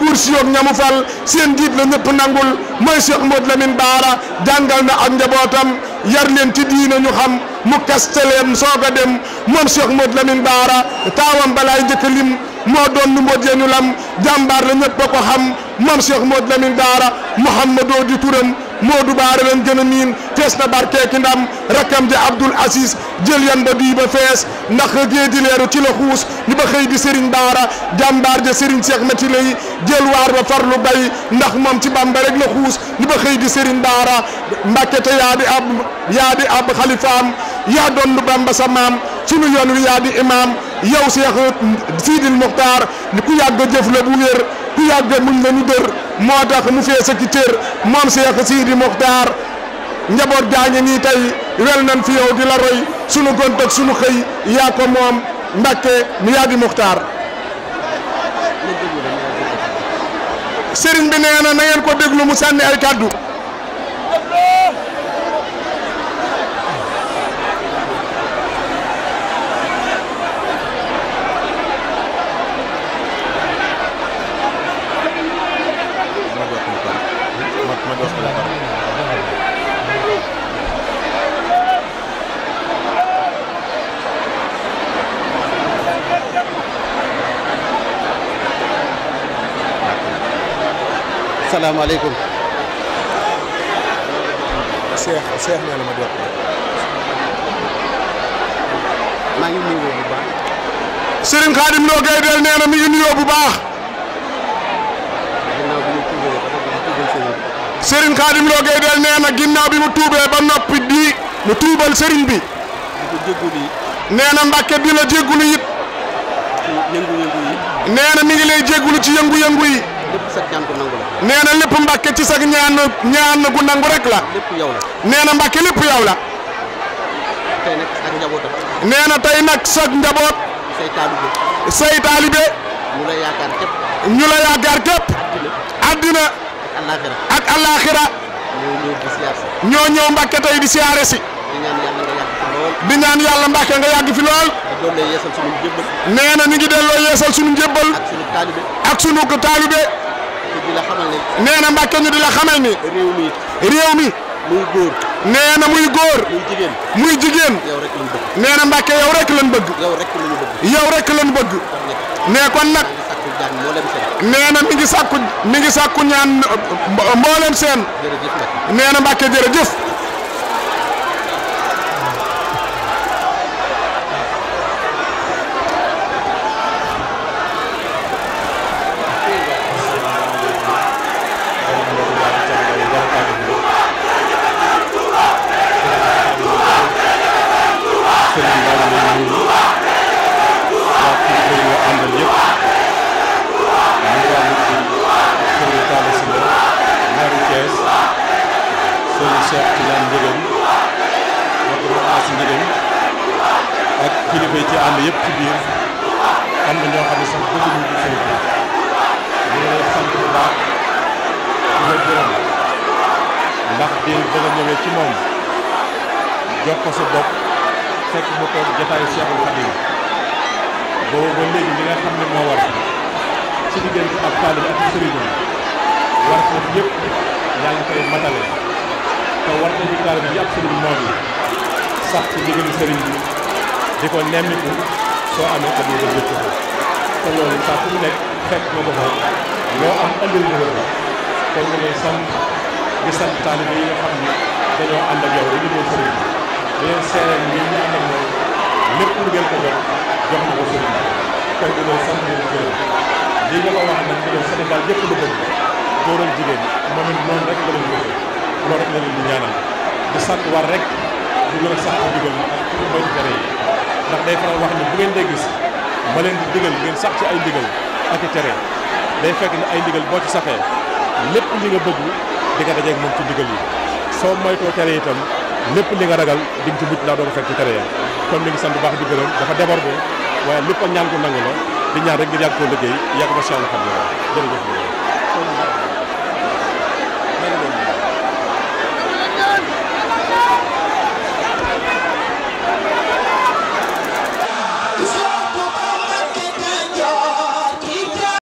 góor si yoog ñamu fal seen jiit la ñëpp nangul moy Cheikh mod Lamine bara jàngal na ak njabotam yar len ci diina ñu xam mu kastelem soga dem mom Cheikh mod Lamine bara tawam balay njëkk lim mo doon lu mbóot ñu lam jambar la ñëpp bako xam mom Cheikh mod Lamine bara muhammadu di turam Modou Baara leen gën a niin fees na barkeeki ndam rakkam ja Abdoul Aziz jël yan ba duy ba fees ndax géeji leeru ci la xuus ñu ba xëy di Serigne Daara jàmbaar ja Serigne Cheikh Mati lay jël waar ba farlu bay ndax moom ci Bamba rek la xuus ñu ba di serin Daara Mbàkke te yaa di ab yaa di ab xalifaam yaa doon lu Bamba sa maam sunu yoon wi yaa di imaam yow Cheikh Sidil Mokhtar ku yàgg jëf la bu wér. bu yàggee muñ la ñu dër moo tax mu fees ak cër moom Cheikh Sidi Mokhtar njaboot gaa ngi nii tey wel nan fi yow di la roy sunu gont ak sunu xëy yaa ko moom Mbàkke mu yaa di Mokhtar sëriñ bi nee na na ko déglu mu sànni ay kàddu salaamaaleykum. Cheikh Cheikh nee na ma ngi nuyoo bu baax. Serigne Khadim Lo Gaye del nee mi ngi baax. Serigne Khadim Lo Gaye del nee ginnaaw bi mu tuubee ba noppi di mu tuubal Serigne bi. nee na Mbàkke di la jéggulu mi ngi lay ci yëngu-yëngu yi. nee na lépp mbàkke ci sag ñaan ñaan gu nangu rek la. nee na mbàkke lépp yow la. nee na tey nag sag njaboot. say taalibe. ñu la yaakaar képp. addina. ak alaaxira. ñoo ñëw mbàkke tey di siyaare si. di ñaan yàlla mbàkke nga yàgg fi lool. nee na ñu ngi delloo yeesal sunu njébbal ak sunu taalibe nee na Mbàkke ñu di la xamal ni réew mi muy góor nee na muy góor muy jigéen nee na Mbàkke yow rek lañ bëgg yow rek lañ bëgg nee kon nag nee na mi ngi sàkku mi ngi sàkku ñaan mboolem seen nee na Mbàkke jërëjëf ca ànd yëpp ci biir am na ñoo xam ne sax bëgg nañ ko sëriñ bi ñu ngi lay sant bu baax di la gërëm ndax diir ba ñëwee ci moom jox ko sa bopp fekk mu toog jotaayu Cheikhul Khadim boobu ba léegi li nga xam ne moo war ci diggante ak taalib ak sëriñam war ko yëpp yaa ngi koy matale te war nañu taalib yi ak moom yi sax ci diggante sëriñ bi. di ko nemmiku soo amee at yii dañuy tudd te loolu saa su nekk fekk nga ko fa loo am andil nga ko kon ñu ngi nga xam ni dañoo ànd ak yow dañu doon sëriñ bi leen seereen ngeen ko jox na ko sëriñ bi kon ñu doon sant leen gërëm lii nga ko wax nag ñu doon Sénégal yëpp lu bëgg góor ak jigéen moom it noonu rek la leen bëgg loolu rek la leen di ñaanal war rek di gën a sax digal ak pour bañ yi ndax day faral wax ni bu ngeen day gis ma leen di digal ngeen sax ci ay ndigal ak i tere day fekk ne ay ndigal boo ci saxee lépp li nga bëgg di nga dajeeg moom ci ndigal yi soo moytoo tere tam lépp li nga ragal di nga ci mucc ndax doo ko fekk ci tere ya kon mi ngi sant bu baax di gërëm dafa débordé waaye lépp ak ñaan ko nangu la di ñaar rek ngir yàgg koo liggéey yàgg ba sàll xam ne jërëjëf